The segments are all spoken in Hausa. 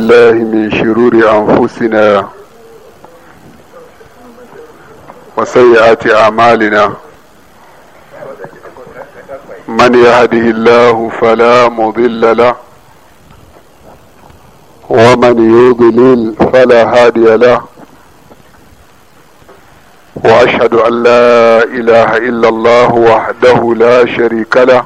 الله من شرور أنفسنا وسيئات أعمالنا من يهده الله فلا مضل له ومن يضلل فلا هادي له وأشهد أن لا إله إلا الله وحده لا شريك له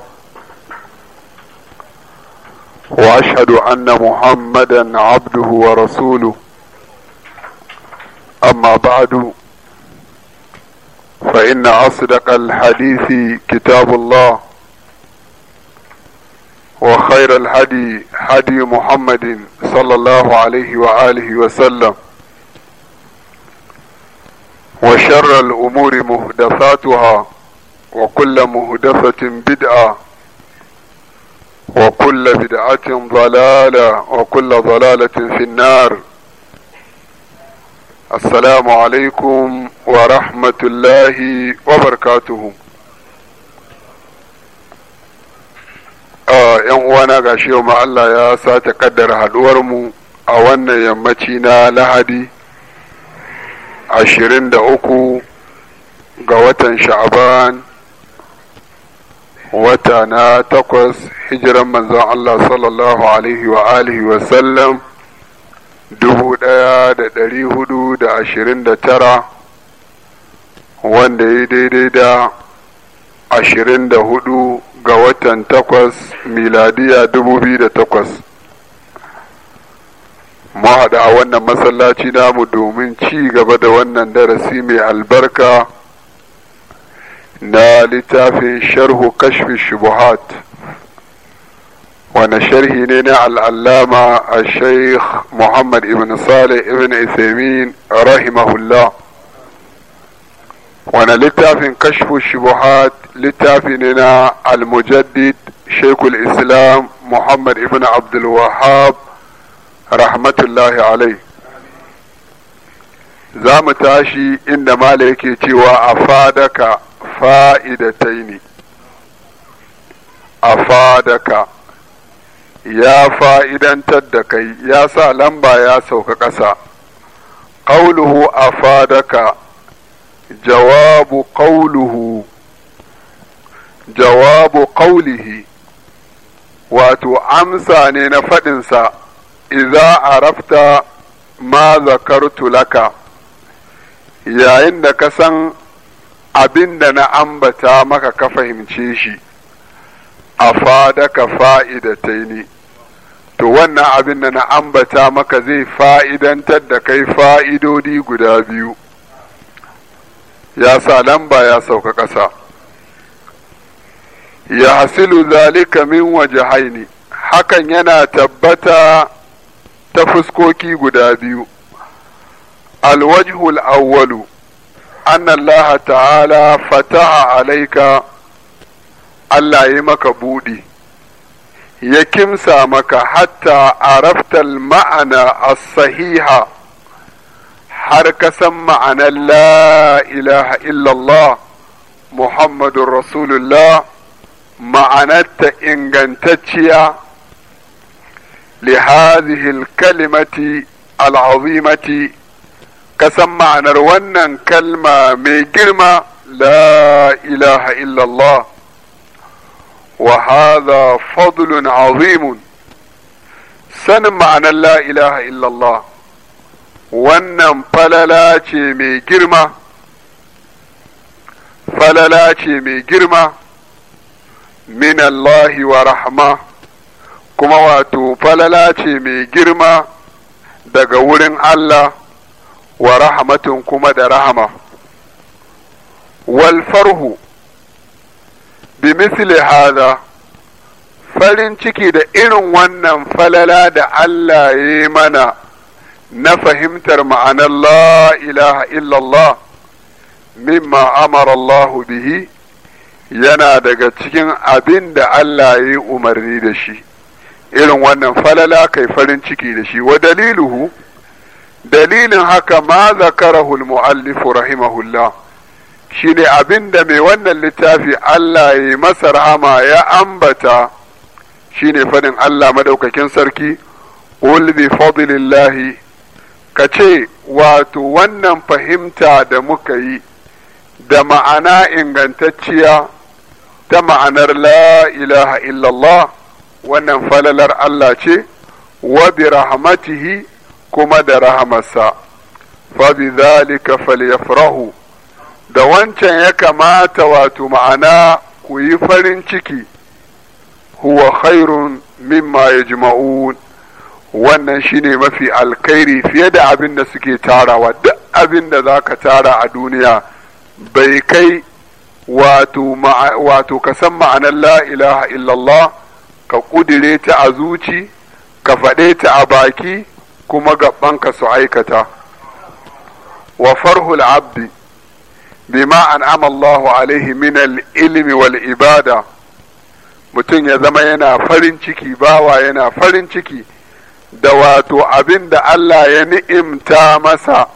واشهد ان محمدا عبده ورسوله اما بعد فان اصدق الحديث كتاب الله وخير الهدي هدي محمد صلى الله عليه واله وسلم وشر الامور مهدفاتها وكل مهدفه بدعه وكل بدعة ضلالة وكل ضلالة في النار السلام عليكم ورحمة الله وبركاته ‘yan uwana ga shi yau Allah ya sace kaddara haɗuwarmu a wannan yammaci na lahadi ashirin da uku ga watan sha'aban wata na takwas hijiran manzon Allah sallallahu alaihi wa alihi wa sallam dubu ɗaya da ɗari hudu da ashirin da tara wanda ya daidai da ashirin da hudu ga watan takwas miladiya dubu biyu da takwas mahaɗa a wannan masallaci namu domin ci gaba da wannan darasi mai albarka نالتا في شره كشف الشبهات ونشره لنا العلامة الشيخ محمد ابن صالح ابن عثيمين رحمه الله ونلتا في كشف الشبهات لتا لنا المجدد شيخ الإسلام محمد ابن عبد الوهاب رحمة الله عليه زامتاشي إنما لكي تيوا أفادك fa'idataini afadaka ya fa'idantar da kai ya sa lamba ya sauka ƙasa ƙauluhu afadaka jawabu ƙauluhu jawabu ƙaulihi wato amsa ne na faɗinsa iza arafta ma zakartu laka yayin da ka san abin da na ambata maka ka fahimce shi a fadaka fa'idatai ne to wannan abin da na ambata maka zai fa'idantar da kai fa'idodi guda biyu ya sa lamba ya sauka ƙasa ya hasilu zalika min waje haini hakan yana tabbata ta fuskoki guda biyu alwajhul awwalu أن الله تعالى فتح عليك الله يمك بودي يكمس مك حتى عرفت المعنى الصحيح حركة معنى لا إله إلا الله محمد رسول الله معنى إنجنتشيا لهذه الكلمة العظيمة ka san ma'anar wannan kalma mai girma la ilaha illallah wa hadha fadlun azimun sanin ma'anar la ilaha illallah wannan falala ce mai girma falala ce mai girma min Allahi wa rahma kuma wato falala ce mai girma daga wurin Allah wa rahmatun kuma da rahama wal farhu farin ciki da irin wannan falala da Allah ya yi mana na fahimtar ma'anar la ilaha illallah mimma amara Allah bihi yana daga cikin abin da Allah ya yi umarni da shi irin wannan falala kai farin ciki da shi wa daliluhu dalilin haka ma zakarahu al-mu'allif rahimahullah shine abinda mai wannan littafi Allah ya masa rahama ya ambata shine fadin Allah madaukakin sarki qul bi fadlillahi kace wato wannan fahimta da muka yi da ma'ana ingantacciya ta ma'anar la ilaha illallah wannan falalar Allah ce wa bi rahmatihi kuma da rahamarsa fabi zalika falyafrahu da wancan ya kamata wato ma'ana ku yi farin ciki huwa khairun mimma yajma'un wannan shine mafi alkhairi fiye da abin da suke tarawa duk abin da za ka tara a duniya bai kai wato ka san ma'anar la ilaha illallah ka ƙudire ta a zuci ka faɗe ta a baki kuma gabanka su aikata wa farhul abdi bima an'ama Allahu alaihi min al-ilmi wal ibada mutum ya zama yana farin ciki bawa yana farin ciki da wato abin da Allah ya ni'imta masa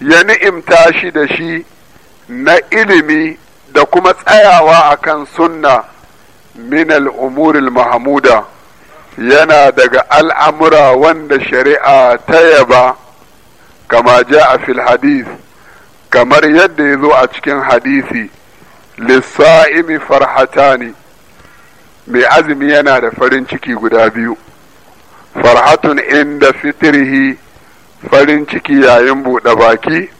ya ni'imta shi da shi na ilimi da kuma tsayawa akan sunna min al-umuril mahmuda yana daga al'amura wanda shari'a ta yaba kama ja a fil hadith kamar yadda ya zo a cikin hadisi lissa'imi farhatani mai azumi yana da farin ciki guda biyu farhatun inda fitirhi farin ciki yayin buɗe baki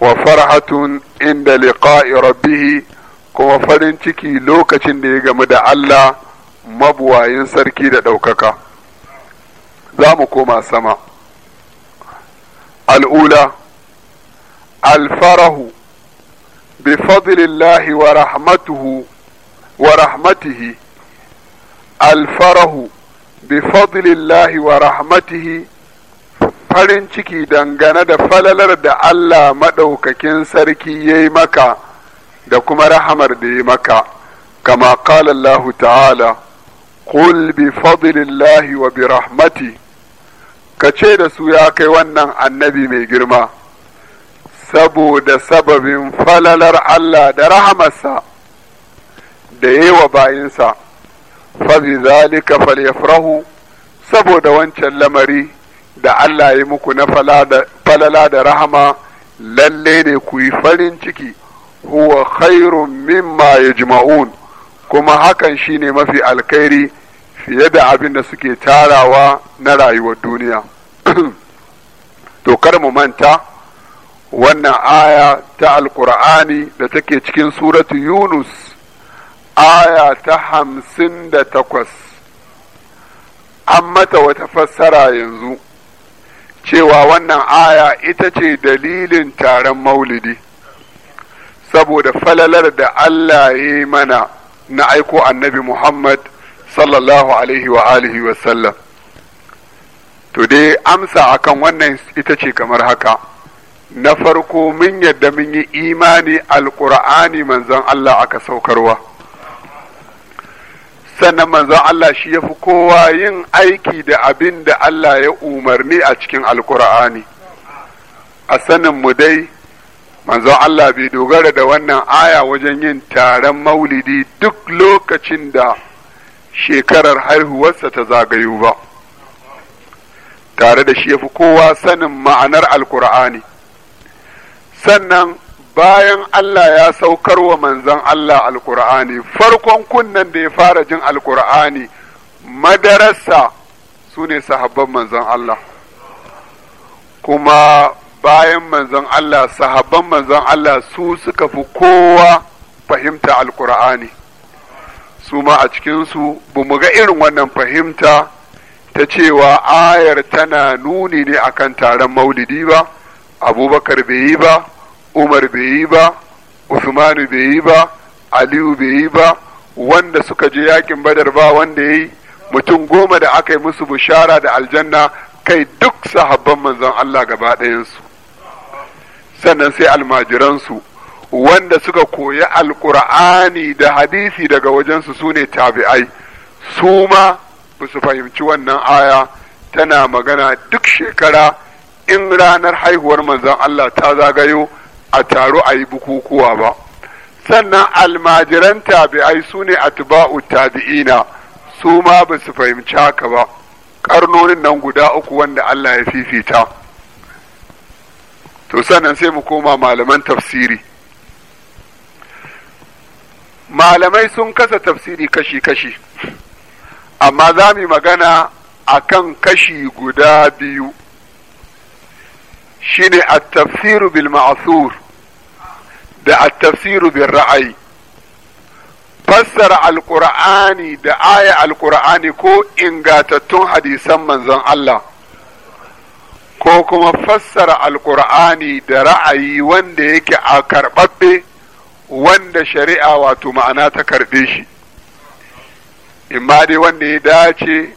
wa farhatun inda liqa'i rabbihi kuma farin ciki lokacin da ya gamu da Allah mabuwayin sarki da ɗaukaka za mu koma sama al'ula alfarahu bi fadlillahi wa rahmatuhu wa rahmatihi alfarahu bi fadlillahi wa rahmatihi farin ciki dangane da falalar da Allah maɗaukakin sarki ya yi maka da kuma rahamar da ya maka kama ƙala ta'ala qul bi fadlillahi wa bi rahmati ka ce da su ya kai wannan annabi mai girma saboda sababin falalar Allah da rahamarsa da yi wa bayinsa fabi zalika falyafrahu saboda wancan lamari da Allah ya muku na falala da rahama lallai ne ku yi farin ciki huwa khairun mimma yajma'un kuma hakan shi ne mafi alkhairi fiye da abin da suke tarawa na rayuwar duniya to kar mu manta wannan aya ta alkur'ani da take cikin suratu yunus aya ta hamsin da takwas an mata wata fassara yanzu cewa wannan aya ita ce dalilin taron maulidi saboda falalar da Allah ya yi mana na aiko annabi Muhammad sallallahu alaihi wa alihi wa sallam to dai amsa akan wannan ita ce kamar haka na farko mun yadda mun yi imani alƙur'ani manzon Allah aka saukarwa sannan manzon Allah shi ya fi kowa yin aiki da abin da Allah ya umarni a cikin alƙur'ani. a sanin mu dai manzon Allah bai dogara da wannan aya wajen yin taron maulidi duk lokacin da shekarar haihuwarsa ta zagayu ba tare da shi yafi kowa sanin ma'anar alkur'ani sannan bayan Allah ya saukar wa manzon Allah alkur'ani farkon kunnen da ya fara jin alkur'ani madarasa su ne sahabban manzon Allah kuma bayan manzon Allah sahabban manzon Allah su suka fi kowa fahimta alkur'ani su ma a cikinsu ba mu ga irin wannan fahimta ta cewa ayar tana nuni ne akan taron maulidi ba abubakar bai yi ba umar bai yi ba usmanu bai yi ba aliyu bai yi ba wanda suka je yakin badar ba wanda ya yi mutum goma da aka yi musu bushara da aljanna kai duk sahabban manzon Allah gaba ɗayansu sannan sai almajiransu wanda suka koyi alkur'ani da hadisi daga wajensu su ne tabi'ai su ma ba su fahimci wannan aya tana magana duk shekara in ranar haihuwar manzon Allah ta zagayo a taro a yi bukukuwa ba sannan almajiran tabi'ai su ne atba'u tabi'ina su ma ba su fahimci haka ba karnonin nan guda uku wanda Allah ya fifita to sanan sai mu koma malaman tafsiri malamai sun kasa tafsiri kashi-kashi amma za mu magana a kan kashi guda biyu shine a tafsiru bil ma'asur da a tafsiru bil ra'ayi fassara alƙur'ani da aya alƙur'ani ko ingantattun hadisan manzon Allah ko kuma fassara alkur'ani da ra'ayi wanda yake a karɓaɓɓe wanda shari'a wato ma'ana ta karɓe shi imma dai wanda ya dace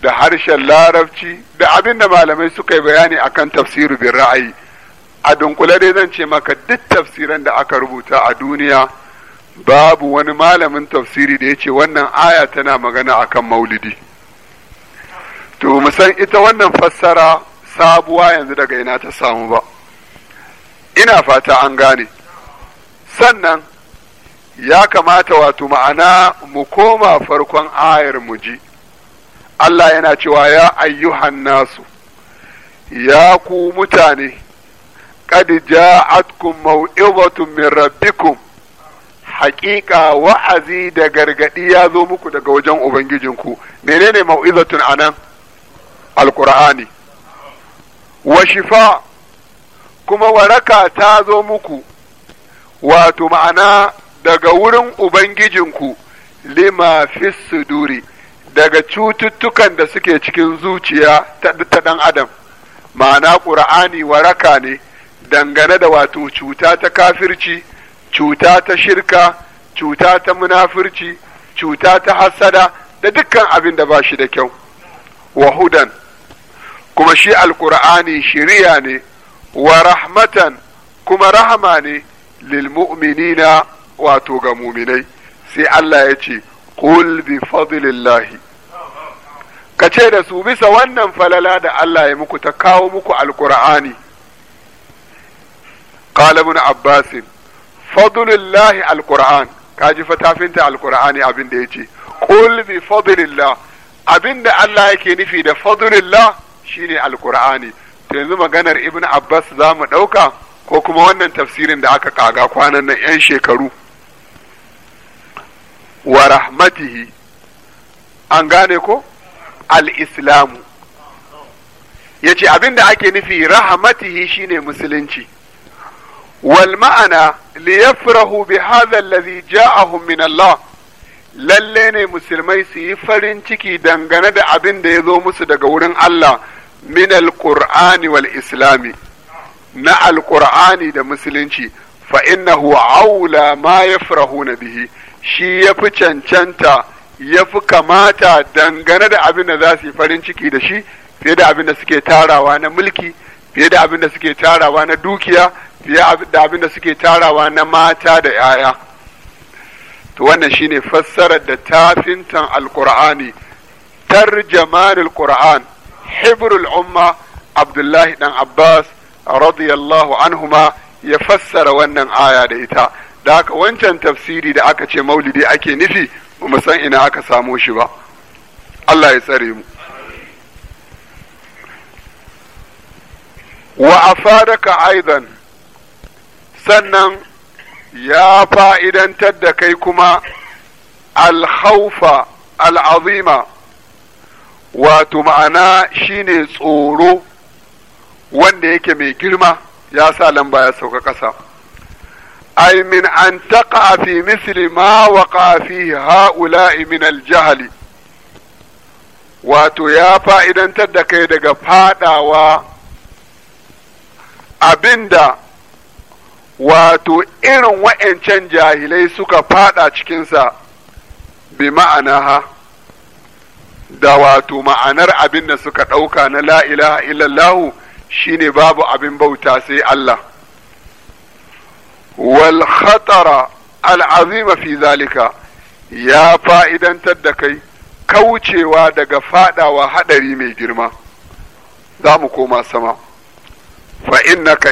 da harshen larabci da abin da malamai suka yi bayani akan tafsiru bin ra'ayi a dunkule dai zan ce maka duk tafsiran da aka rubuta a duniya babu wani malamin tafsiri da ya ce wannan aya tana magana akan maulidi to mu san ita wannan fassara sabuwa yanzu daga ina ta samu ba ina fata an gane sannan ya kamata wato ma'ana mu koma farkon ayar mu ji Allah yana cewa ya ayyuhan nasu ya ku mutane qad ja'atkum maw'izatun min rabbikum haƙiƙa wa'azi da gargaɗi ya zo muku daga wajen ubangijinku menene mau'izatun anan alkur'ani wa shifa kuma waraka ta zo muku wato ma'ana daga wurin ubangijinku lima fis suduri daga cututtukan da suke cikin zuciya ta ɗan adam ma'ana ƙura'ani waraka ne dangane da wato cuta ta kafirci cuta ta shirka cuta ta munafirci cuta ta hassada da dukkan abin da ba shi da kyau wahudan kuma shi alkur'ani shiriya ne wa rahmatan kuma rahama ne lil mu'minina wato ga muminai sai Allah ya ce qul bi fadlillahi ka ce da su bisa wannan falala da Allah ya muku ta kawo muku alkur'ani qala ibn abbas fadlillahi alkur'an kaji fatafinta alkur'ani abin da yace qul bi fadlillah abin da Allah yake nufi da fadlillah shine alkur'ani to yanzu maganar ibn abbas za mu ɗauka ko kuma wannan tafsirin da aka kaga kwanan nan 'yan shekaru wa rahmatihi an gane ko al-islamu ya ce abinda ake nufi rahmatihi shine musulunci wal ma'ana liyafrahu bi hadha alladhi ja'ahum min Allah lalle ne musulmai su yi farin ciki dangane da abin da ya zo musu daga wurin Allah min alqur'ani wal islami na alqur'ani da musulunci fa innahu aula ma na bihi shi yafi cancanta yafi kamata dangane da abin da za su yi farin ciki da shi fiye da abin da suke tarawa na mulki fiye da abin da suke tarawa na dukiya fiye da abin da suke tarawa na mata da 'ya'ya to wannan shine fassarar da tafintan alkur'ani tarjamanul qur'an hibrul umma abdullahi dan abbas radiyallahu ma ya fassara wannan aya da ita da haka wancan tafsiri da aka ce maulidi ake nufi mu san ina aka samo shi ba Allah ya tsare mu wa a afadaka aidan sannan ya fa'idantar da kai kuma alhaufa al'azima wato ma'ana shine tsoro wanda yake mai girma ya sa lamba ya sauka ƙasa ai min an taqa fi misli ma waqa fi ha'ula'i min al wato ya fa'idantar da kai daga fadawa abinda wato irin wa'ancan jahilai suka fada cikinsa bi ma'ana ha da wato ma'anar abin da suka ɗauka na la'ilaha illallahu shine babu abin bauta sai Allah wal khatara al'azima fi zalika ya fa'idantar da kai kaucewa daga faɗawa haɗari mai girma za mu koma sama fa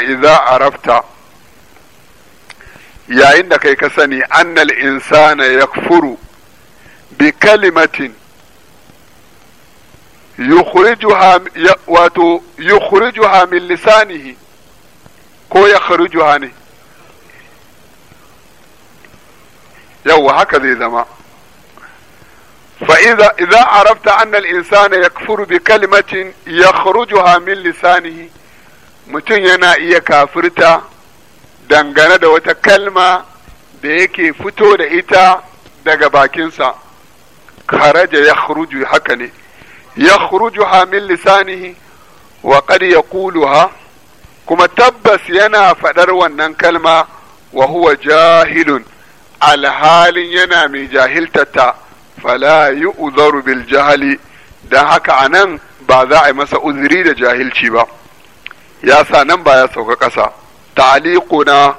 iza a rafta yayin da kai ka sani annal insana yakfuru bi kalimatin yukhrijuha wato yukhrijuha min lisanihi ko ya kharujuha ne yawa haka zai zama فإذا إذا عرفت أن الإنسان يكفر بكلمة يخرجها من لسانه mutum yana iya kafirta dangane da wata kalma da yake fito da ita daga bakinsa, karaja ya haka ne. yakhrujuha min lisanihi wa qad yaquluha kuma tabbas yana faɗar wannan kalma wahuwa jahilun alhalin yana mai jahiltata fala yu'zaru bil jahali dan haka anan ba za a yi masa uziri da jahilci ba ya sa nan ba ya sauka ƙasa ta'liquna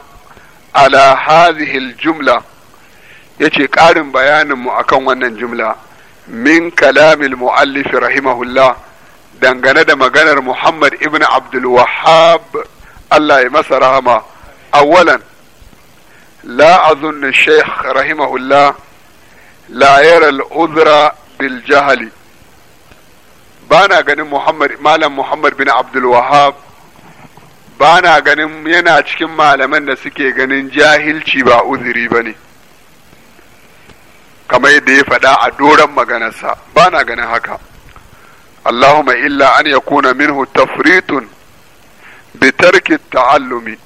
ala hadhihi al jumla yace ƙarin bayanin mu akan wannan jumla min kalamil mu'allif rahimahullah dangane da maganar Muhammad ibn Abdul Wahhab Allah ya masa rahama awalan la azun shaykh rahimahullah la yara al-udhra bil jahli bana ganin Muhammad malam Muhammad bin Abdul Wahhab bana ganin yana cikin malaman da suke ganin jahilci ba uzuri bane kamar yadda ya faɗa a doron maganarsa ba na ganin haka allahumma illa an ya kuna minhu tafritun bi tarki ta'allumi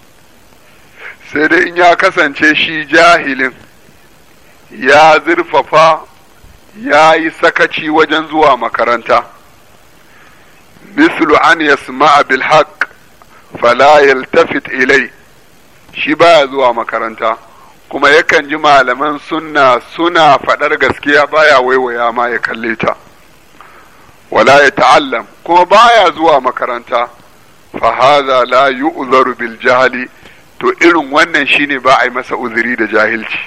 sai dai in ya kasance shi jahilin ya zurfafa ya yi sakaci wajen zuwa makaranta mislu an yasma'a bil haqq fala yaltafit ilai shi baya zuwa makaranta kuma yakan ji malaman sunna suna faɗar gaskiya baya waiwaya ma ya kalle ta wala ya ta'allam kuma baya zuwa makaranta fa hadha la yu'zaru bil jahli to irin wannan shine ba a yi masa uzuri da jahilci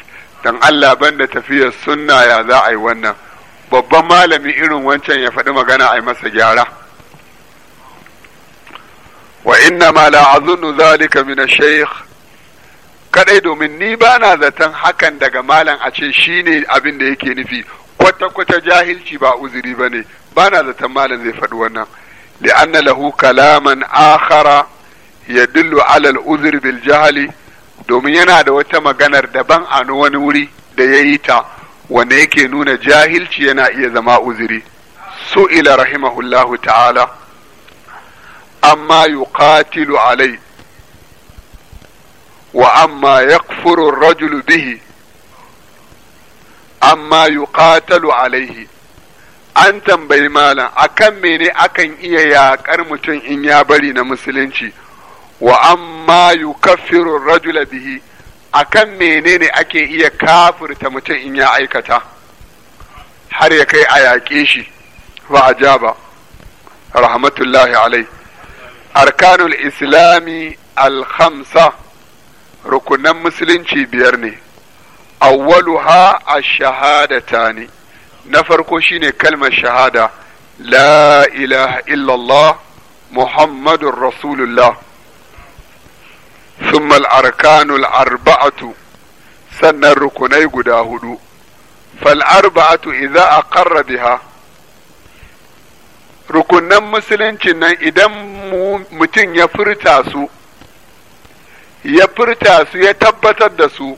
dan Allah banda tafiyar sunna ya za a yi wannan babban malami irin wancan ya faɗi magana a yi masa gyara wa inna ma la azunnu zalika min ash kadai domin ni ba na zaton hakan daga malam a ce shi ne abin da yake nufi kwata-kwata jahilci ba uzuri ba ne ba na zaton malam zai faɗi wannan li'anna lahu kalaman akhara ya dillu alal uzur bil jahali domin yana da wata maganar daban a wani wuri da ya yi ta wanda yake nuna jahilci yana iya zama uzuri su'ila rahimahullahu ta'ala amma yuqatilu alai wa amma yakfuru rajulu bihi amma yuqatalu alaihi an tambayi malam akan mene akan iya yaƙar mutum in ya bari na musulunci wa amma yukaffiru rajula bihi akan ne ake iya kafirta mutum in ya aikata har ya kai a yaƙe shi wa ajaba rahmatullahi alai arkanul islami al-khamsa rukunan musulunci biyar ne awwaluha a shahadata ne na farko shine kalmar shahada la ilaha illallah muhammadur rasulullah thumma al arba'atu sannan rukunai guda hudu Fal fal'arba'atu idza aqarra biha rukunan musulunci nan idan mutum ya furta su ya furta su ya tabbatar da su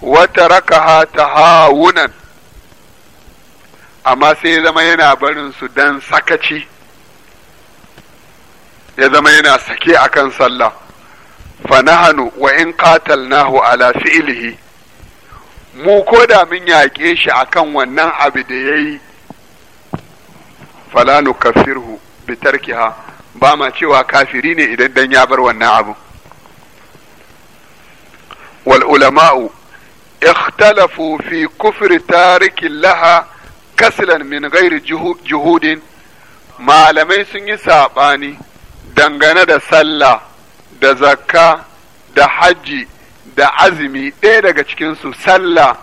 wata rakaha ta hawunan amma sai ya zama yana barin su dan sakaci ya zama yana sake akan sallah fanahanu wa in qatalnahu ala fi'lihi mu ko da mun yaƙe shi akan wannan abu da yayi falanu nukaffirhu bitarkiha tarkiha ba ma cewa kafiri ne idan dan ya bar wannan abu wal ulama'u ikhtalafu fi kufri tarikin laha kaslan min gairi juhudin malamai sun yi saɓani dangane da sallah da zakka da hajji da azumi ɗaya daga cikinsu sallah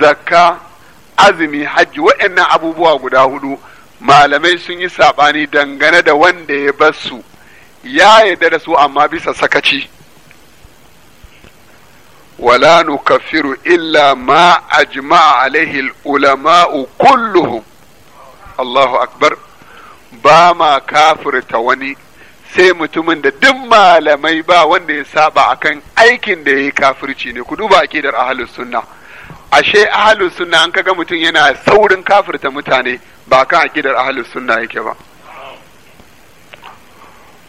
zakka azumi hajji waɗannan abubuwa guda hudu malamai sun yi saɓani dangane da wanda ya basu, ya yarda da su amma bisa sakaci ولا نكفر إلا ما أجمع عليه العلماء كلهم الله أكبر باما كافر تواني sai mutumin da duk malamai ba wanda ya saba akan aikin da ya yi kafirci ne ku duba akidar ahlus sunna ashe ahlus sunna an kaga mutum yana saurin kafirta mutane ba kan akidar ahlus sunna yake ba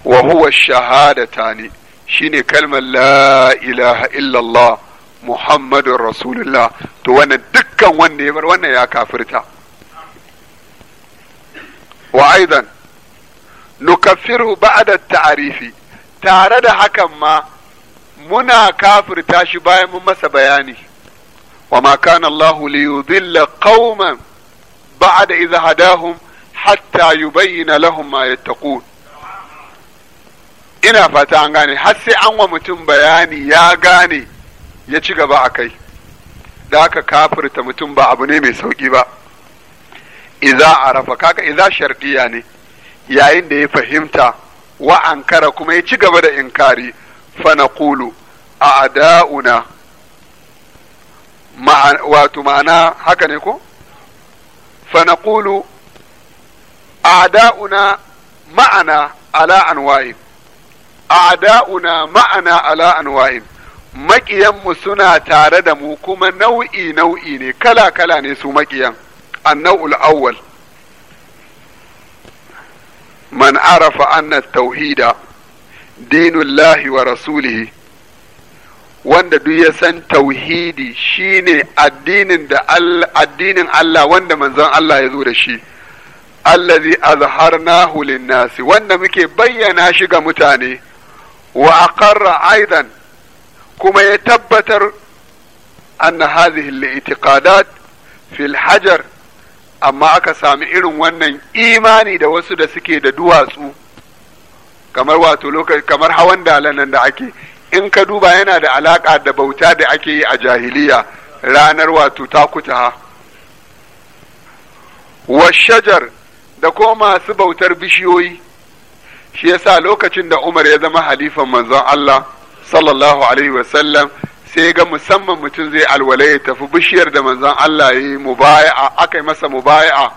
wa huwa shahadatani shine kalmar la ilaha illallah muhammadun rasulullah to wannan dukkan wanda ya bar wannan ya kafirta wa aidan nukaffiru ba'da ta'arifi tare da hakan ma muna kafirta shi bayan mun masa bayani wa ma kana Allah li yudilla qauman ba'da idha hadahum hatta yubayyana lahum ma yattaqun ina fata an gane har sai an wa mutum bayani ya gane ya ci gaba a kai da aka kafirta mutum ba abu ne mai sauki ba iza arafa kaka iza shardiya ne yayin da ya fahimta wa ankara kuma ya ci gaba da inkari kulu a a'da'una wato ma'ana haka ne ko kulu a a'da'una ma'ana ala anwa'in a'da'una ma'ana ala anwa'in maƙiyanmu suna tare da mu kuma nau'i nau'i ne kala kala ne su maƙiyan annau'ul awwal man arafa anna tauhida dinullahi wa rasulihi wanda duk ya san tauhidi shine addinin addinin Allah wanda manzon Allah ya zo da shi allazi azharnahu lin-nasi wanda muke bayyana shi ga mutane wa aqarra kuma ya tabbatar anna hadhihi al-i'tiqadat fil amma aka sami irin wannan imani da wasu da suke da duwatsu kamar wato lokaci kamar hawan dalanan da ake in ka duba yana da alaƙa da bauta da ake yi a jahiliya ranar wato takutaha wa shajar da kuma masu bautar bishiyoyi shi yasa lokacin da Umar ya zama halifan manzon Allah sallallahu alaihi wasallam sai ga musamman mutum zai alwala ya tafi bishiyar da manzon Allah ya yi mubaya'a aka yi masa mubaya'a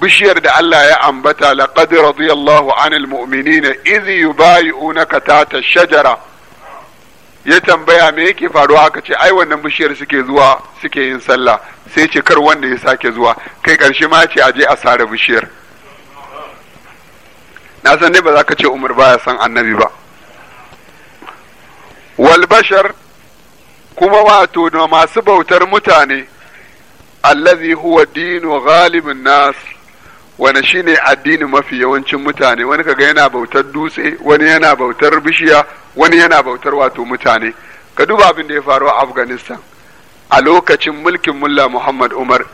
bishiyar da Allah ya ambata laqad radiyallahu anil mu'minina idh yubayi'unaka tata shajara ya tambaya me yake faruwa aka ce ai wannan bishiyar suke zuwa suke yin sallah sai ce kar wanda ya sake zuwa kai karshe ma ce aje a sare bishiyar na san ne ba za ka ce umar baya san annabi ba Walbashar kuma wato da masu bautar mutane allazi huwa dinu ghalibin nas wani shine addini mafi yawancin mutane wani kaga yana bautar dutse wani yana bautar bishiya wani yana bautar wato mutane ka duba abin da ya faru a afghanistan a lokacin mulkin mulla muhammad umar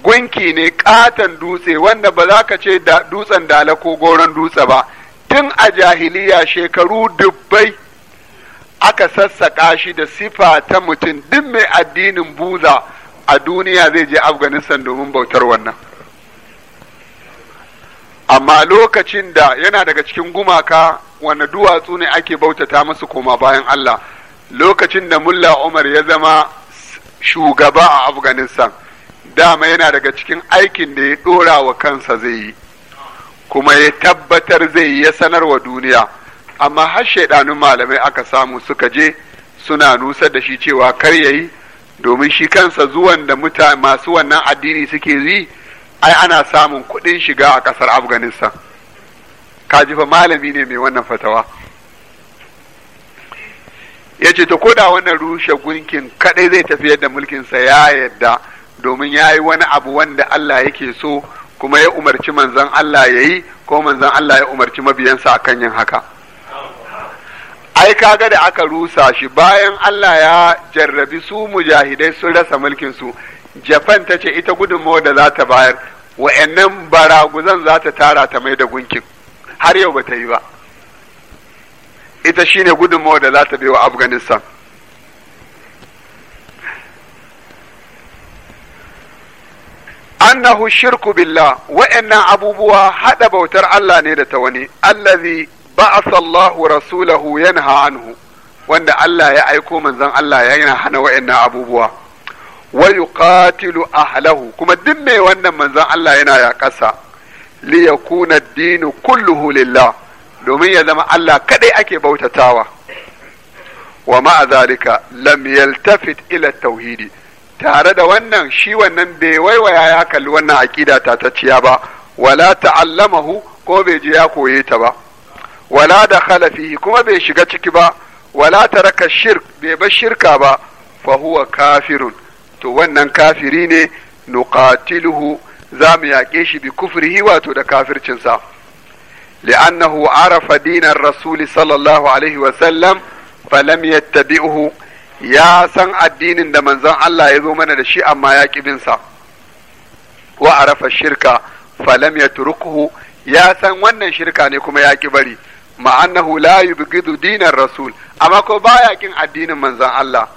gunki ne ƙaton dutse wanda ba za ka ce da dutsen dala ko goron dutse ba tun a jahiliya shekaru dubbai aka sassaƙa shi da sifa ta mutum duk mai addinin buza a duniya zai je Afganistan domin bautar wannan amma lokacin da yana daga cikin gumaka wanda duwatsu ne ake bautata masu koma bayan allah lokacin da mulla umar ya zama shugaba a afghanistan dama yana daga cikin aikin da ya ɗora wa kansa zai yi kuma ya tabbatar zai yi ya sanarwa duniya amma har shaidanun malamai aka samu suka je suna nusa da shi cewa kar yayi domin shi kansa zuwan da mutane masu wannan addini suke yi ai ana samun kuɗin shiga a ƙasar afghanistan kajifa fa malami ne mai wannan fatawa ya ce ta koda wannan rushe gunkin kaɗai zai tafiyar da mulkinsa ya yadda domin ya yi wani abu wanda Allah yake so kuma ya umarci manzon Allah ya yi ko manzon Allah ya umarci mabiyansa akan yin haka ai kaga da aka rusa shi bayan Allah ya jarrabi su mujahidai sun rasa mulkin su Japan ta ce ita gudunmawar da za ta bayar wa'annan baraguzan za ta tara ta mai da gunkin har yau ba ta yi ba ita shine gudunmawa da za ta bai wa Afghanistan annahu shirku billah wa'annan abubuwa haɗa bautar Allah ne da ta wani allazi ba'asa Allahu rasulahu yanha anhu wanda Allah ya aiko manzon Allah yana hana wa'annan abubuwa wa yuqatilu ahlahu kuma duk mai wannan manzon Allah yana yaƙasa li yakuna ad-din kulluhu lillah domin ya zama Allah kaɗai ake bautatawa wa ma'azalika zalika lam yaltafit ila tauhidi tare da wannan shi wannan bai waiwaya ya kalli wannan aƙida ciya ba wala ta'allamahu ko bai je ya koye ta ba wala da khalafihi kuma bai shiga ciki ba wala taraka shirk bai bar shirka ba fa huwa kafirun to wannan kafiri ne nuqatiluhu za mu yaƙe shi bi kufrihi wato da kafircinsa li'annahu arafa dinar rasuli sallallahu alaihi wa sallam falam yattabi'uhu ya san addinin da manzon Allah ya zo mana da shi amma ya sa. wa arafa shirka falam yatrukuhu ya san wannan shirka ne kuma ya ki bari ma'annahu la yubghidu dinar rasul amma ko baya kin addinin manzon Allah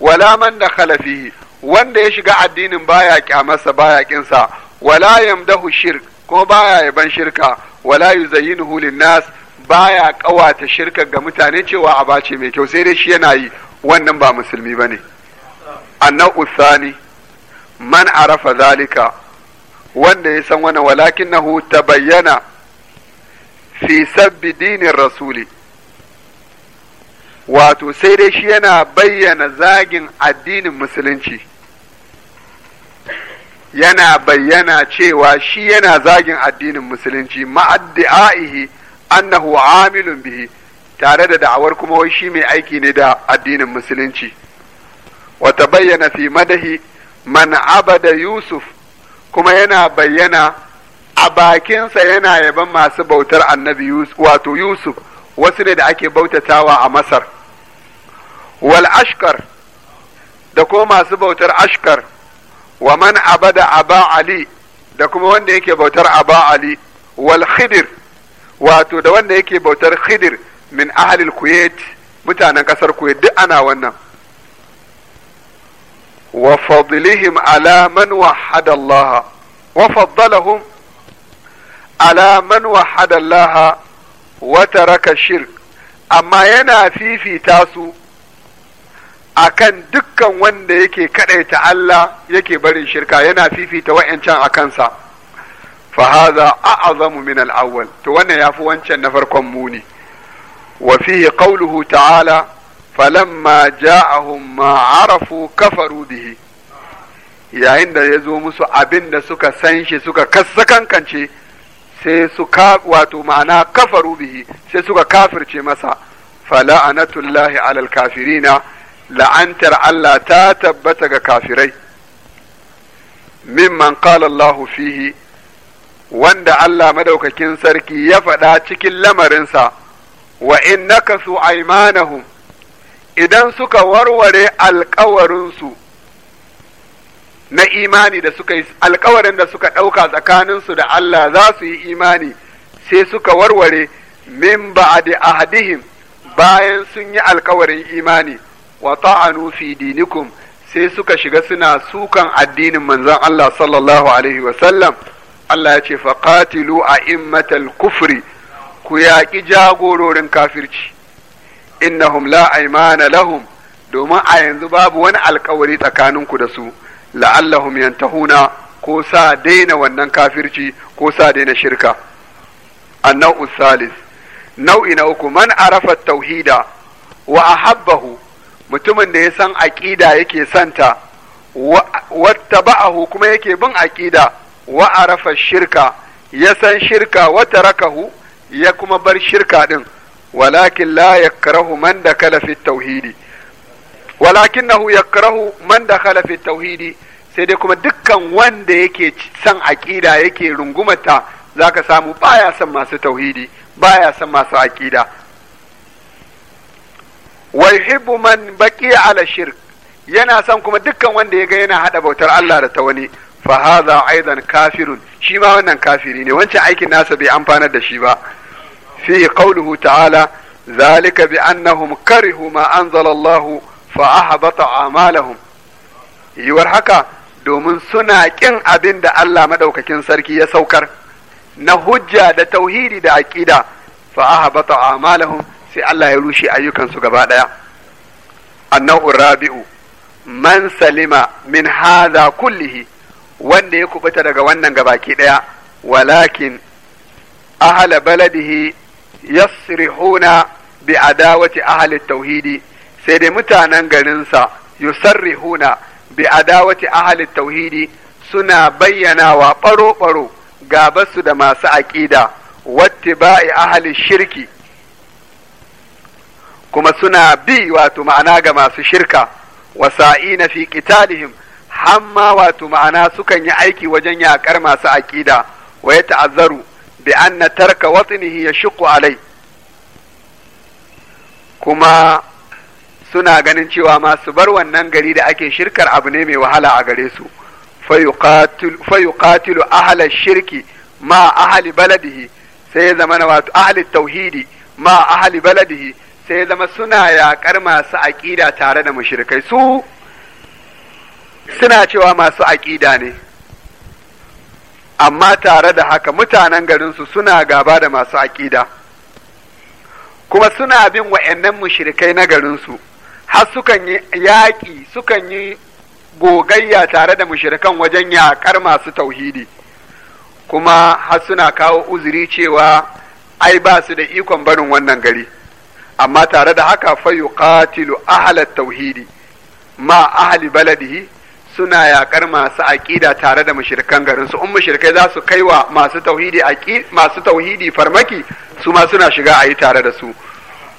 wala man dakhala fihi wanda ya shiga addinin baya kyamarsa baya sa? wala yamdahu shirk ko baya yaban shirka wala yuzayyinuhu nas baya kawata shirka ga mutane cewa a bace mai kyau sai dai shi yana yi wannan ba musulmi ba ne annau man arafa zalika wanda ya san wani walakin na ta bayyana fi sabbi dinin rasuli wato sai dai shi yana bayyana zagin addinin musulunci yana bayyana cewa shi yana zagin addinin musulunci ma'addi'a'ihi annahu amilun bihi tare da da'awar kuma wai shi mai aiki ne da addinin musulunci wata bayyana fi madahi man abada yusuf kuma yana bayyana a bakinsa yana yaban masu bautar annabi wato yusuf wasu ne da ake bautatawa a masar wal ashkar da kuma masu bautar ashkar wa man abada aba ali da kuma wanda yake bautar aba ali wal khidir wato da wanda yake bautar khidir min ahalil kuwait mutanen kasar kuwait duk ana wannan wa fadlihim ala man wahada Allah wa faddalahum ala man wahada Allah wa taraka shirk amma yana fifita su akan dukkan wanda yake kadaita Allah yake barin shirka yana fifita wa'ancan a kansa fa hadha a'zamu min al-awwal to wannan yafi wancan na farkon muni وفيه قوله تعالى فلما جاءهم ما عرفوا كفروا به yayin da ya zo musu abin da suka san shi suka kansance sai suka wato ma'ana kafaru bihi sai suka kafirce masa fala'anatullahi alal kafirina la'antar Allah ta tabbata ga kafirai mimman qala Allah fihi wanda Allah madaukakin sarki ya faɗa cikin lamarinsa wa in nakasu aimanahum idan suka warware alkawarinsu na imani da suka yi alkawarin da suka ɗauka tsakaninsu da Allah za su yi imani sai suka warware min ba'di ahadihim bayan sun yi alkawarin imani wa ta'anu fi dinikum sai suka shiga suna sukan addinin manzon Allah sallallahu alaihi wa sallam Allah ya ce faqatilu a'immatal kufri ku yaƙi jagororin kafirci innahum la aymana lahum domin a yanzu babu wani alkawari tsakaninku da su la'allahum yantahuna ko sa daina wannan kafirci ko sa daina shirka annau salis nau'i na uku man arafa tauhida wa ahabbahu mutumin da ya san aƙida yake santa wata ba'ahu kuma yake bin aƙida wa arafa shirka ya san shirka wata rakahu. ya kuma bar shirka din walakin la yakrahu man da kalafi tauhidi walakinahu yakrahu man da kalafi tauhidi sai dai kuma dukkan wanda yake san aƙida yake rungumata zaka samu baya san masu tauhidi baya san masu aƙida wai yuhibbu man baki ala shirk yana son kuma dukkan wanda ya ga yana hada bautar Allah da ta wani fa hadha aidan kafirun shi ma wannan kafiri ne wancan aikin nasa bai amfanar da shi ba فيه قوله تعالى ذلك بأنهم كرهوا ما أنزل الله فأحبط أعمالهم yiwuwar haka domin suna ƙin abin da Allah maɗaukakin sarki ya saukar na hujja da tauhidi da aƙida fa ahabata amalahum sai Allah ya rushe ayyukansu gabaɗaya. ɗaya rabi'u man salima min hadha kullihi wanda ya kubuta daga wannan gabaki ɗaya walakin ahla baladihi yasrihuna bi adawati ahli tauhidi sai dai mutanen garin garinsa yusarrihuna bi adawati ahli tauhidi suna bayyanawa baro ga su da masu aƙida wattiba'i ahli shirki kuma suna bi wato ma'ana ga masu shirka wasa'ina fi qitalihim hamma wato ma'ana sukan yi aiki wajen yaƙar masu aƙida wa ya ta'azzaru bi anna tarka watnihi yashqu alai kuma suna ganin cewa masu bar wannan gari da ake shirkar abu ne mai wahala a gare su fayuqatilu ahla shirki ma ahli baladihi sai ya zama wato ahli tauhidi ma ahli baladihi sai ya zama suna yaƙar masu aƙida tare da mushrikai su suna cewa masu aƙida ne amma tare da haka mutanen garinsu suna gaba da masu aƙida kuma suna bin wa'annan mushrikai na garinsu har sukan yi yaƙi sukan yi gogayya tare da mushrikan wajen yaƙar masu tauhidi kuma har suna kawo uzuri cewa ai ba su da ikon barin wannan gari amma tare da haka fa yuqatilu ahla tauhidi ma ahali baladihi suna yakar masu aƙida tare da mushirkan garin su in mushrikai za su kai wa masu tauhidi farmaki su ma suna shiga a yi tare da su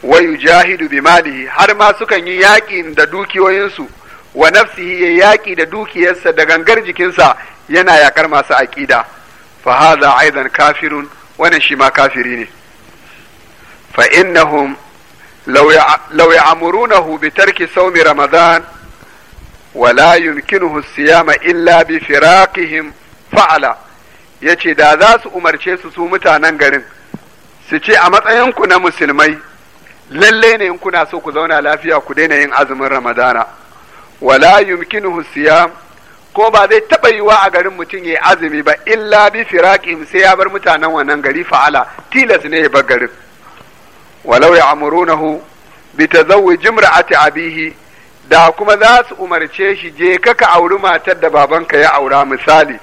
Wayu jahidu bi malihi har ma sukan yi yaƙi da dukiyoyinsu wa nafsihi ya yaƙi da dukiyarsa da gangar jikinsa yana yakar masu aƙida fa hadha aidan kafirun wannan shi ma kafiri ne fa innahum law ya'murunahu bi tarki sawmi ramadan wala yumkinuhu siyama illa bi firaqihim fa'ala yace da za su umarce su su mutanen garin su ce a matsayinku na musulmai Lallai ne in kuna so ku zauna lafiya ku daina yin azumin ramadana wala yumkinuhu siyam ko ba zai taɓa yiwa a garin mutum ya yi azumi ba illa bi firaqihim sai ya bar mutanen wannan gari fa'ala tilas ne ya bar garin walau ya'murunahu bi tazawwuj imra'ati abihi da kuma za su umarce shi je ka auri matar da babanka ya aura misali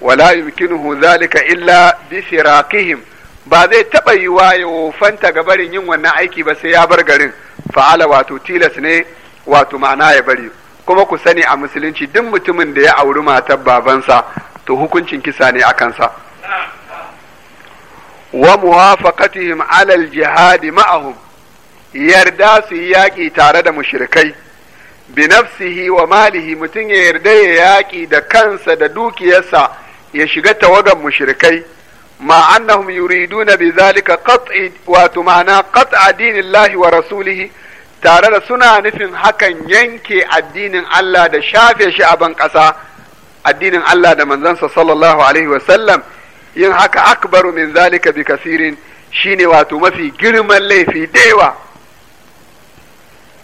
wala yumkinuhu zalika illa bi sirakihim ba zai taba yiwa ya wofanta ga barin yin wannan aiki ba sai ya bar garin fa'ala wato tilas ne wato ma'ana ya bari kuma ku sani a musulunci duk mutumin da ya auri matar babansa to hukuncin kisa ne a kansa wa muwafaqatihim alal jihadi ma'ahum yarda su yi yaƙi tare da mushrikai bi wa malihi mutum ya yarda ya yaƙi da kansa da dukiyarsa ya shiga tawagan mushirikai. ma annahum yuriduna bi zalika wato ma'ana qat'a dinillahi wa rasulihi tare da suna nufin hakan yanke addinin Allah da shafe shi a ban ƙasa addinin Allah da manzansa sallallahu alaihi wa sallam yin haka akbaru min zalika bi kasirin shine wato mafi girman laifi da yawa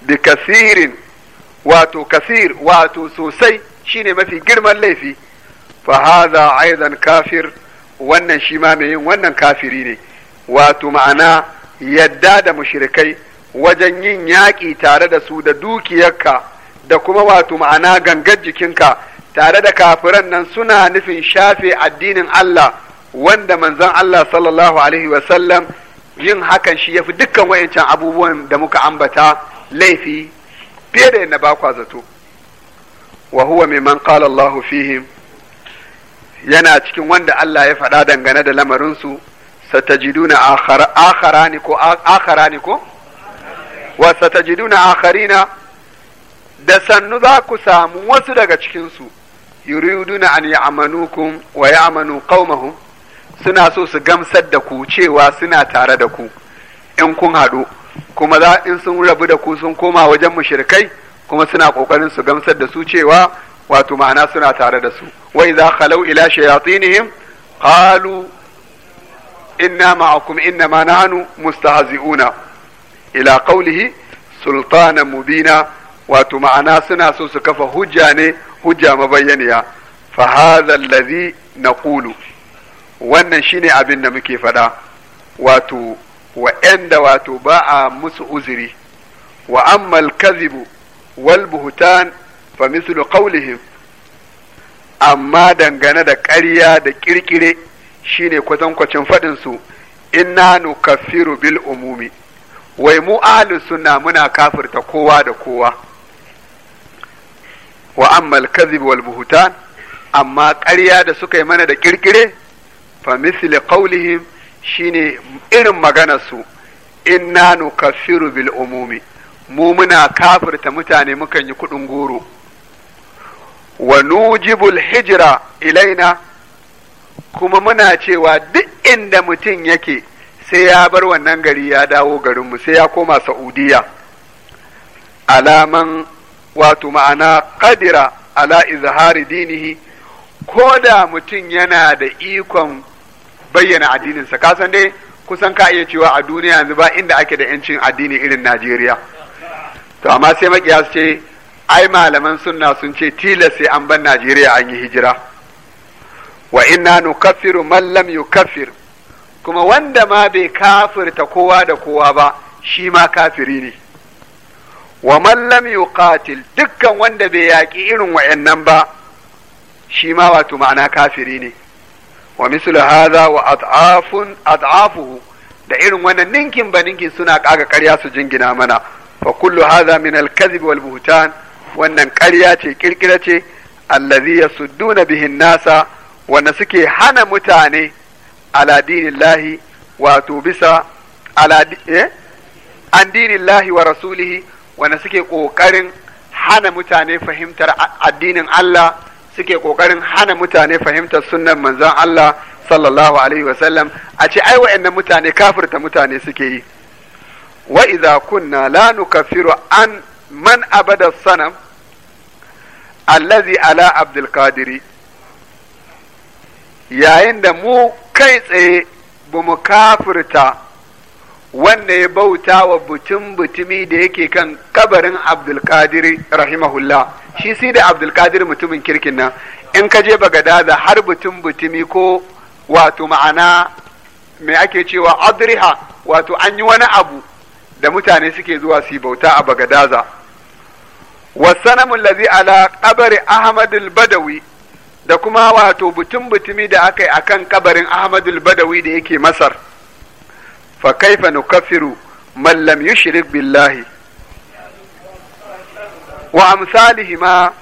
bi kasirin wato kasir wato sosai shine mafi girman laifi fa hadha aidan kafir wannan shi ma mai yin wannan kafiri ne wato ma'ana yadda da mushrikai wajen yin yaƙi tare da su da dukiyarka da kuma wato ma'ana gangar jikinka tare da kafiran nan suna nufin shafe addinin Allah wanda manzon Allah sallallahu alaihi wasallam yin hakan shi yafi dukkan wayancan abubuwan da muka ambata laifi fiye da yadda ba kwa zato wa huwa mimman qala Allah fihim yana cikin wanda Allah ya faɗa dangane da lamarinsu satajiduna akharani ko akharani ko wa satajiduna akharina da sannu za ku samu wasu daga cikinsu yuriduna an ya'manukum wa ya'manu qaumahum suna so su gamsar da ku cewa suna tare da ku in kun haɗu kuma za in sun rabu da ku sun koma wajen mushrikai kuma suna kokarin su gamsar da su cewa wato ma'ana suna tare da su wa idza khalau ila shayatinihim qalu inna ma'akum inna ma nahnu mustahzi'una ila qawlihi sultana mubina wato ma'ana suna so su kafa hujja ne hujja mabayyaniya fa hadha alladhi naqulu wannan shine abin da muke faɗa wato Waƴanda wato ba a musu uzuri wa ammal kazibu wal fa mislu qawlihim amma dangane da ƙarya da ƙirƙire shine kwatankwacin faɗin su inna nukaffiru bil umumi wai mu ahli sunna muna kafirta kowa da kowa wa ammal kazibu wal amma ƙarya da suka yi mana da ƙirƙire fa mislu qawlihim shine irin maganarsu inna nukaffiru bil umumi mu muna kafirta mutane mukan yi kuɗin goro wa nujibul hijira ilaina kuma muna cewa duk inda mutum yake sai ya bar wannan gari ya dawo garinmu sai ya koma Saudiyya. alaman wato ma'ana kadira ala izhari dinihi ko da mutum yana da ikon bayyana addininsa kasan dai kusan ka iya cewa a duniya yanzu ba inda ake da yancin addini irin Najeriya to amma sai makiya ce ai malaman sunna sun ce tilas sai an bar Najeriya an yi hijira wa inna kafiru man lam yukaffir kuma wanda ma bai kafirta kowa da kowa ba shi ma kafiri ne wa man lam yuqatil dukkan wanda bai yaƙi irin wa'annan ba shi ma wato ma'ana kafiri ne wa mislu hadha wa at'afun at'afuhu da irin wannan ninkin ba ninkin suna kaga ƙarya su jingina mana fa kullu hadha min al-kadhib wal buhtan wannan ƙarya ce kirkira ce allazi yasudduna bihi nasa wanda suke hana mutane ala dinillahi bisa ala eh? an dinillahi wa rasulihi wanda suke ƙoƙarin hana mutane fahimtar addinin Allah suke kokarin hana mutane fahimtar sunnan manzon Allah sallallahu alaihi wasallam a ce ai wa'annan mutane kafirta mutane suke yi wa idza kunna la nukaffiru an man abada sanam allazi ala abdul qadiri yayin da mu kai tsaye ba mu kafirta wanda ya bauta wa butun butumi da yake kan kabarin abdulkadir rahimahullah shi sai da abdulkadir mutumin kirkin nan in ka je bagadaza har butun butumi ko wato ma'ana mai ake cewa adriha wato an yi wani abu da mutane suke zuwa su bauta a bagadaza wasanamun lazi ala kabari ahmadul badawi da kuma wato butun butumi da aka yi akan kabarin ahmadul badawi da yake masar fa kaifa nukaffiru man lam yushrik billahi wa amsalihima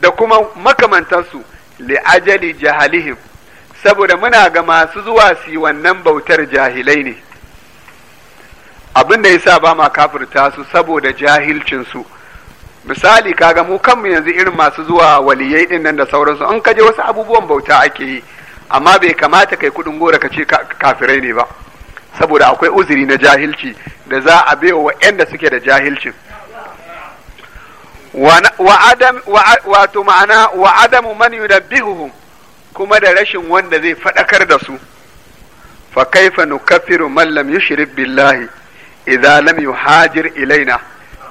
da kuma makamantansu li'ajali jahalihim saboda muna ga masu zuwa su wannan bautar jahilai ne abin da sa ba ma kafirta su saboda jahilcinsu misali ka ga mu kanmu yanzu irin masu zuwa waliyai din da sauransu in kaje wasu abubuwan bauta ake yi amma bai kamata kai kudin gora ka ce kafirai ne ba saboda akwai uzuri na jahilci da za a baiwa waɗanda suke da jahilcin wato ma'ana wa adamu man yunabbihuhum kuma da rashin wanda zai faɗakar da su fa kaifa nukaffiru man lam yushrik billahi idza lam yuhajir ilaina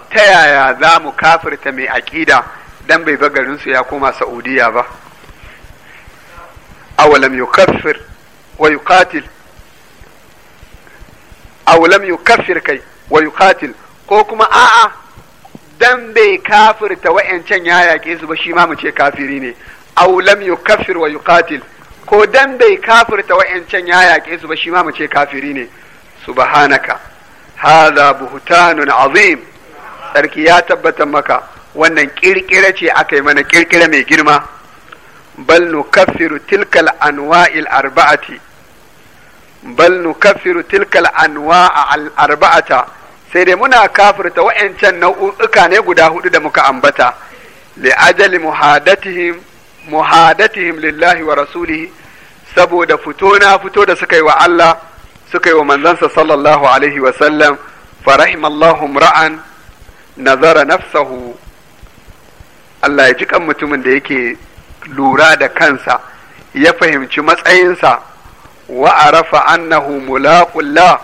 ta yaya za mu kafirta mai aƙida dan bai bagarin su ya koma saudiya ba awalam yukaffir wa yuqatil awalam yukaffir kai wa yuqatil ko kuma a'a dan bai kafirta wa'ancan ya yaƙe su ba shi ma mu ce kafiri ne awalam yukaffir wa yuqatil ko dan bai kafirta wa'ancan ya yaƙe su ba shi ma mu ce kafiri ne subhanaka hadha buhtanun azim sarki ya tabbatar maka wannan kirkira ce aka mana kirkira mai girma bal nukaffiru tilkal anwa'il arba'ati bal nukaffiru tilkal anwa'a al arba'ata sai dai muna kafirta wa'ancan nau'uka ne guda huɗu da muka ambata li ajali muhadatihim muhadatihim lillahi wa rasulihi saboda fito na fito da sukayi wa Allah suka yi wa manzansa sallallahu alaihi wa sallam farahimallahu ra'an nazara nafsahu Allah ya ji kan mutumin da yake lura da kansa ya fahimci matsayinsa wa arafa annahu mulaqullah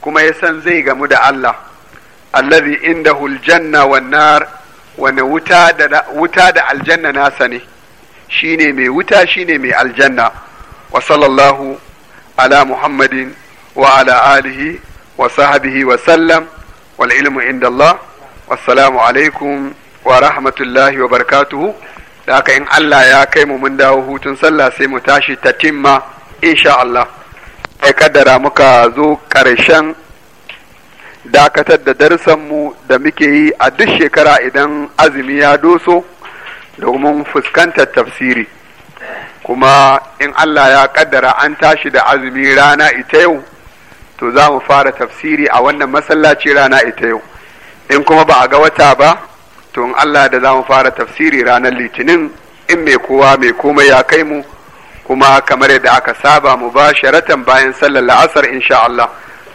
kuma ya san zai gamu da Allah allazi indahu aljanna wan nar wani wuta da wuta da aljanna nasa ne shine mai wuta shine mai aljanna wa sallallahu ala muhammadin wa ala alihi wa sahbihi wa sallam wal ilmu inda Allah wassalamu alaikum wa rahmatullahi wa barakatuhu haka in Allah ya kai mu mun dawo hutun sallah sai mu tashi ta timma insha Allah sai kaddara muka zo ƙarshen dakatar da darsanmu da muke yi a duk shekara idan azumi ya doso domin fuskantar tafsiri kuma in Allah ya kaddara an tashi da azumi rana ita yau to za mu fara tafsiri a wannan masallaci rana ita yau in kuma ba a ga wata ba to in Allah da za mu fara tafsiri ranar litinin in mai kowa mai komai ya kai mu kuma kamar yadda aka saba mu ba sharatan bayan sallar la'asar insha Allah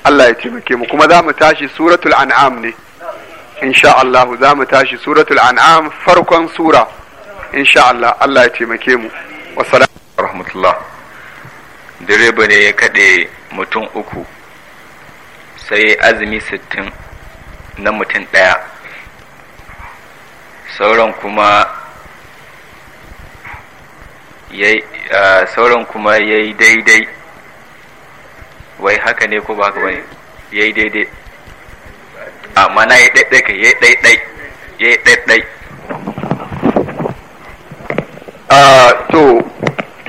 Allah ya taimake mu kuma za mu tashi suratul an'am ne insha Allah za mu tashi suratul an'am farkon sura insha Allah Allah ya taimake mu wassalamu rahmatullah direba ne ya kade mutum uku sai azumi sittin na mutum ɗaya sauran kuma sauran kuma ya yi daidai wai haka ne ko ba haka bane ya yi daidai amma na ya daidai ka ya daidai ya daidai daidai to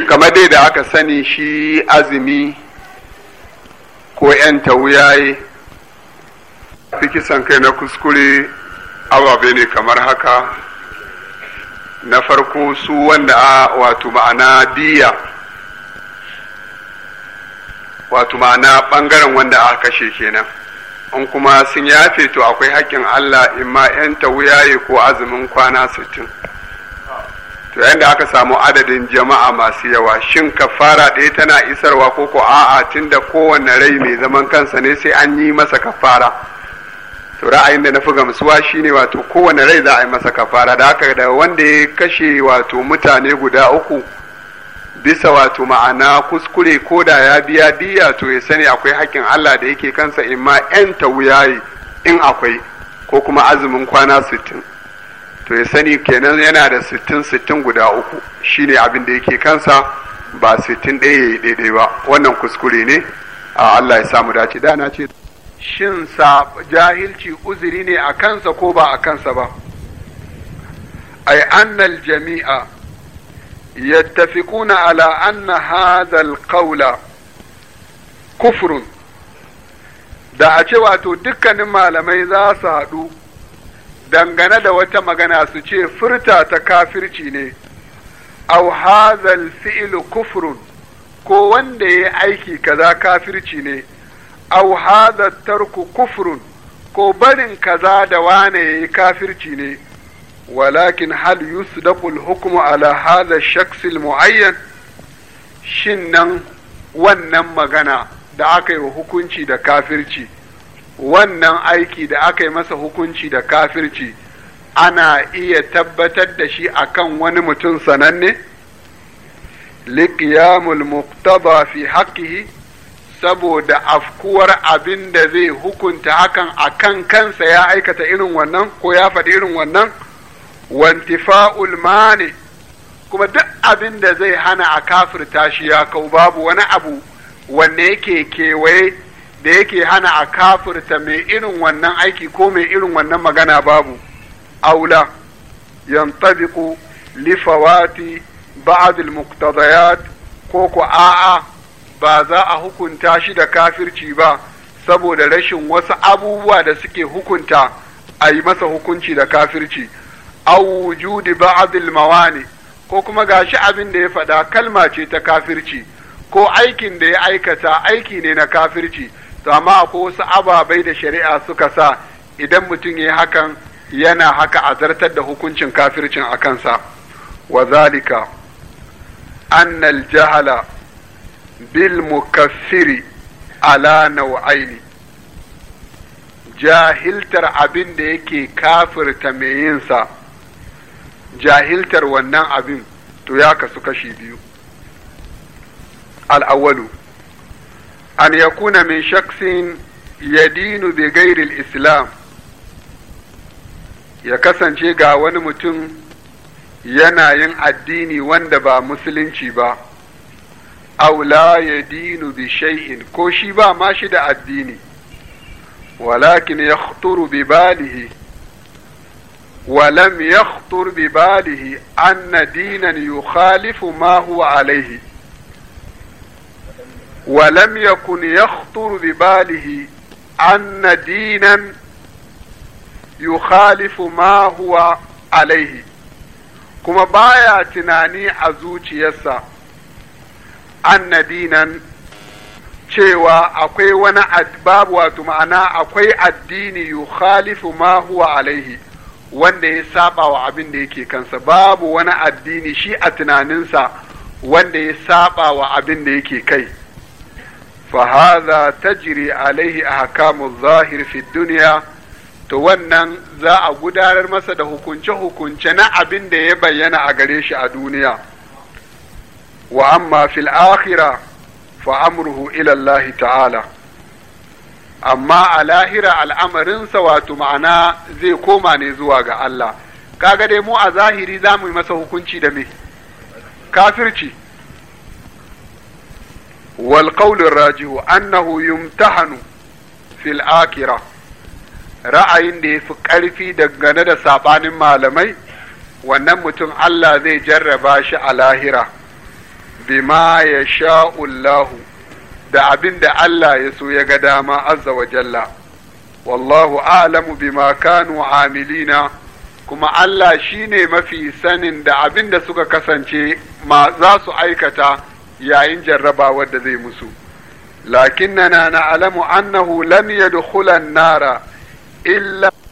kamar dai da aka sani shi azumi ko 'yan tawuyaye fi kisan kai na kuskure ababe ne kamar haka na farko su wanda a wato ma'ana diya wato ma'ana ɓangaren wanda a kashe kenan in kuma sun yafe to akwai haƙƙin Allah in ma ‘yanta wuyaye ko azumin kwana sittin to yadda aka samu adadin jama'a masu yawa shin kafara ɗaya tana isarwa ko ko a'a tunda kowane rai mai zaman kansa ne sai an yi masa kafara To ra'ayin da na fi gamsuwa shine wato kowane rai za a yi masa kafara da haka da wanda ya kashe wato mutane guda uku bisa wato ma'ana kuskure ko da ya biya diya to ya sani akwai hakkin Allah da yake kansa in ma yan ta wuyayi in akwai ko kuma azumin kwana sittin to ya sani kenan yana da sittin sittin guda uku shine abin da yake kansa ba sittin ɗaya ya yi daidai ba wannan kuskure ne a Allah ya samu dace da ce shin sa jahilci uzuri ne a kansa ko ba a kansa ba ay annal jami'a yattafiquna ala anna hadha alqawla kufrun da a ce wato dukkanin malamai za su haɗu dangane da wata magana su ce furta ta kafirci ne au hadha fi'lu kufrun ko wanda ya aiki kaza kafirci ne au hadha tarku kufrun ko barin kaza da wane yayi kafirci ne walakin hal yusdaqu hukmu ala shaksil ash muayyan shin nan wannan magana da aka yi hukunci da kafirci wannan aiki da aka yi masa hukunci da kafirci ana iya tabbatar da shi akan wani mutum sananne liqiyamul muktaba fi haqqihi saboda afkuwar abin da zai hukunta hakan a kan kansa ya aikata irin wannan ko ya faɗi irin wannan wantifa'ul mani kuma duk abin da zai hana a kafirta shi ya kau babu wani abu wanne yake kewaye da yake hana a kafirta mai irin wannan aiki ko mai irin wannan magana babu aula yantabiqu lifawati ba'd al-muqtadayat ko a'a ba za a hukunta shi da kafirci ba saboda rashin wasu abubuwa da suke hukunta a yi masa hukunci da kafirci aw wujudi ba'dil ne. ko kuma gashi abin da ya faɗa kalma ce ta kafirci ko aikin da ya aikata aiki ne na kafirci to amma akwai wasu ababai da shari'a suka sa idan mutum ya hakan yana haka a zartar da hukuncin kafircin a kansa wa zalika annal jahala bil mukaffiri ala nau'aini jahiltar abin da yake kafirta mai yinsa jahiltar wannan abin to ya kasu kashi biyu al'awalu an yakuna min shaksin yadinu bi gairil islam ya kasance ga wani mutum yana yin addini wanda ba musulunci ba aw la yadinu bi shay'in ko shi ba ma shi da addini walakin yakhturu bi balihi ولم يخطر بباله أن دينا يخالف ما هو عليه ولم يكن يخطر بباله أن دينا يخالف ما هو عليه كما بايا تناني أزوج يسا anna dinan cewa akwai wani babu wato ma'ana akwai addini yukhalifu ma huwa alaihi wanda ya saba wa abin da yake kansa babu wani addini shi a tunaninsa wanda ya saba wa abin da yake kai fahaza tajri alaihi ahkamu zahir fi duniya to wannan za a gudanar masa da hukunce-hukunce na abin da ya bayyana a gare shi a duniya wa amma filahira akhira fa amruhu ila ta'ala amma a lahira al'amarinsa wato ma'ana zai koma ne zuwa ga Allah kaga dai mu a zahiri za mu yi masa hukunci da me kafirci wal qawlur rajihu annahu yumtahanu fil akhirah ra'ayin da ya fi ƙarfi dangane da saɓanin malamai wannan mutum Allah zai jarraba shi a lahira bima ya sha'ullahu da abin da Allah ya so ya ga dama azza wa jalla wallahu a'lamu bima kanu amilina kuma Allah shine mafi sanin da abin da suka kasance ma za su aikata yayin jarrabawar da zai musu na na'lamu annahu lam yadkhula an-nara illa